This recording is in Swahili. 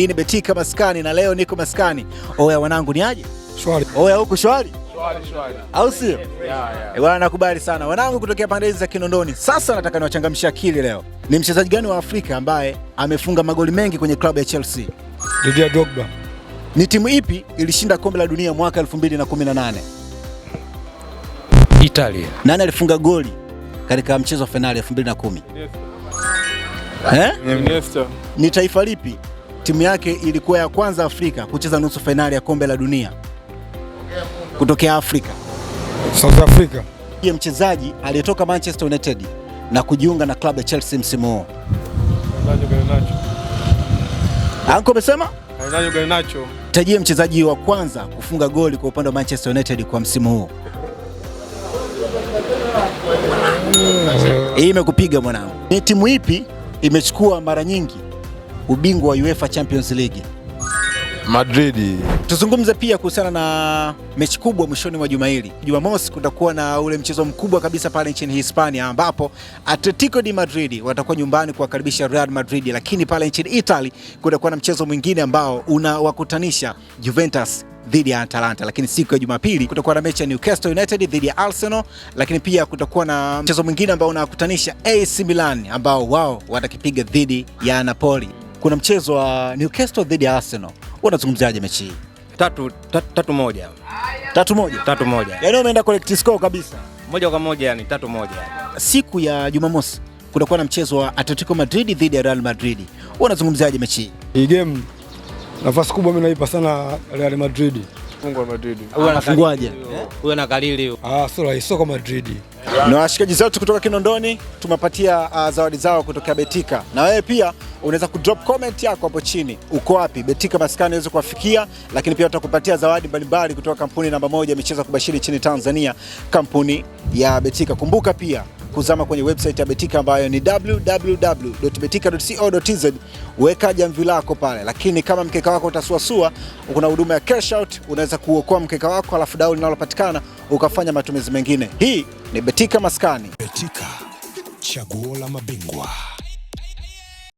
Hii ni Betika Maskani na leo niko maskani. Oya wanangu, ni aje? Shwari. Oya huku shwari? Shwari, shwari. Au sio? Eh, bwana nakubali sana wanangu, kutokea pande hizi za Kinondoni. Sasa nataka niwachangamsha akili leo. Ni mchezaji gani wa Afrika ambaye amefunga magoli mengi kwenye klabu ya Chelsea? Didier Drogba. Ni timu ipi ilishinda kombe la dunia mwaka 2018? Italia. Nani alifunga goli katika mchezo wa finali 2010? Eh? Ni taifa lipi timu yake ilikuwa ya kwanza Afrika kucheza nusu fainali ya kombe la dunia kutokea Afrika, South Africa. Ye mchezaji aliyetoka Manchester United na kujiunga na klabu ya Chelsea msimu huu. Anko amesema tajie mchezaji wa kwanza kufunga goli kwa upande wa Manchester United kwa msimu huu. Mm. Hii imekupiga mwanangu. Ni timu ipi imechukua mara nyingi ubingwa wa UEFA Champions League Madrid. Tuzungumze pia kuhusiana na mechi kubwa mwishoni mwa juma hili. Jumamosi kutakuwa na ule mchezo mkubwa kabisa pale nchini Hispania ambapo Atletico de Madrid watakuwa nyumbani kuwakaribisha Real Madrid, lakini pale nchini Italy kutakuwa na mchezo mwingine ambao unawakutanisha Juventus dhidi ya Atalanta, lakini siku ya Jumapili kutakuwa na mechi ya Newcastle United dhidi ya Arsenal, lakini pia kutakuwa na mchezo mwingine ambao unawakutanisha AC Milan ambao wao watakipiga dhidi ya Napoli kuna mchezo wa Newcastle dhidi ya Arsenal. Unazungumziaje mechi hii? Tatu, tatu, tatu moja. Tatu moja. Tatu moja. Yaani umeenda collect score kabisa. Moja kwa moja yani tatu moja. Siku ya Jumamosi kutakuwa na mchezo wa Atletico Madrid dhidi ya Real Madrid. Unazungumziaje mechi hii? Hii game nafasi kubwa mimi naipa sana Real Madrid. Fungwa Anafunguaje? Ah, huyo na kalili huyo. Ah, sio rahisi soko Madrid. Na washikaji zetu kutoka Kinondoni tumepatia uh, ah, zawadi zao kutoka Betika na wewe pia unaweza kudrop comment yako hapo chini, uko wapi Betika Maskani uweze kuwafikia, lakini pia utakupatia zawadi mbalimbali kutoka kampuni namba moja michezo kubashiri nchini Tanzania, kampuni ya Betika. Kumbuka pia kuzama kwenye website ya Betika ambayo ni www.betika.co.tz. Weka jamvi lako pale, lakini kama mkeka wako utasuasua, kuna huduma ya cash out, unaweza kuokoa mkeka wako alafu dau linalopatikana ukafanya matumizi mengine. Hii ni Betika Maskani. Betika, chaguo la mabingwa.